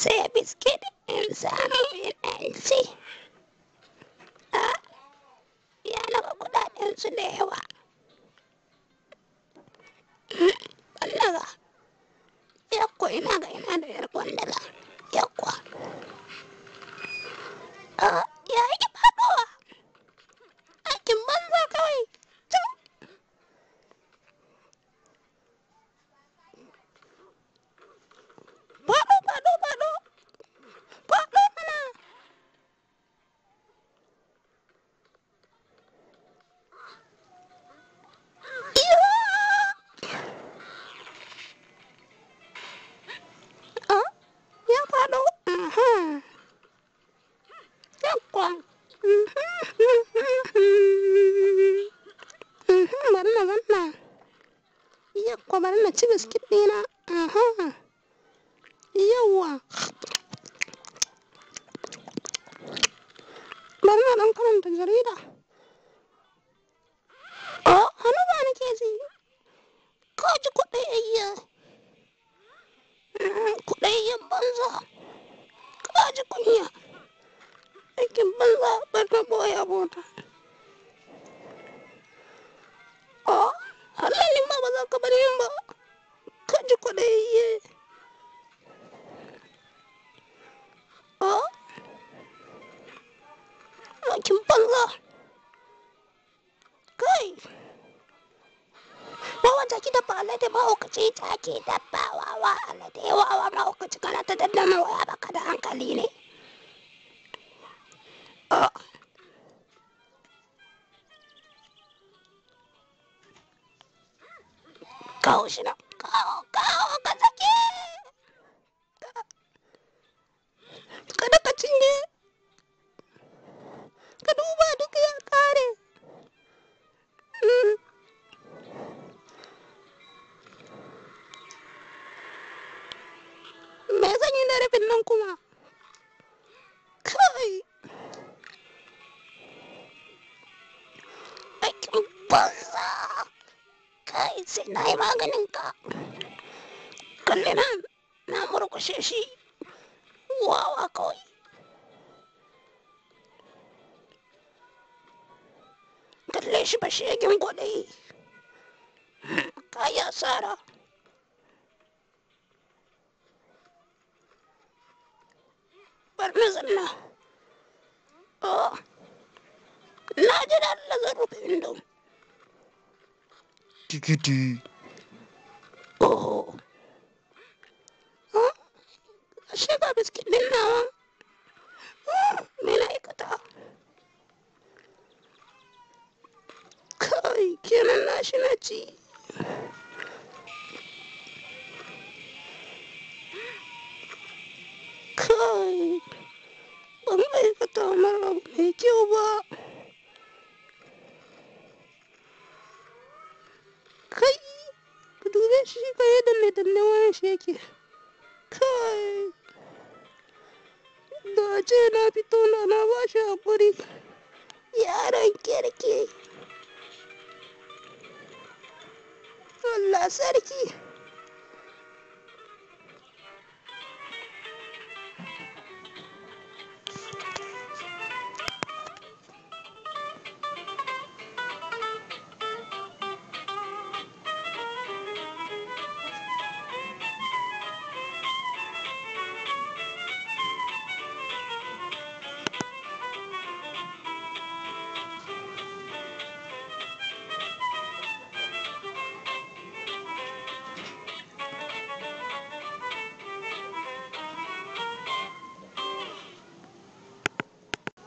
say biskit, uh, in samun NLC. Ya naga kudadensu da yawa. Kwallaga, yakko ina ga ina da yar kwallaga, yakko mace biskit ɗina aha yawwa bari na não karanta jarida oh hannu ba nake ji kaji kuɗayayyen mm, kuɗayayyen banza kaji kunya aikin banza ban taɓo ya bota 김발라그이나와자기다빨래대마오그치자기다빠와와알래대와와마오그치가라다된다마와야바카다안갈리네어가오시나 ka sai na yi maganin ka kalli na na murkushe shi wawa kawai kalle shi ba shegin kwaɗayi kayi asara bar na zanna na ji da Allah zan rufe indon キキキ。Oh. Oh, siapa habis kini nawang? Oh, Mila ikut tak? Kai, kena nasi nasi. Kai, bang ikut tak malam ni cuba. shi ka yi danne danne wayan shi yake kai da ce na fito na na ba shi haƙuri yaron kirki Allah sarki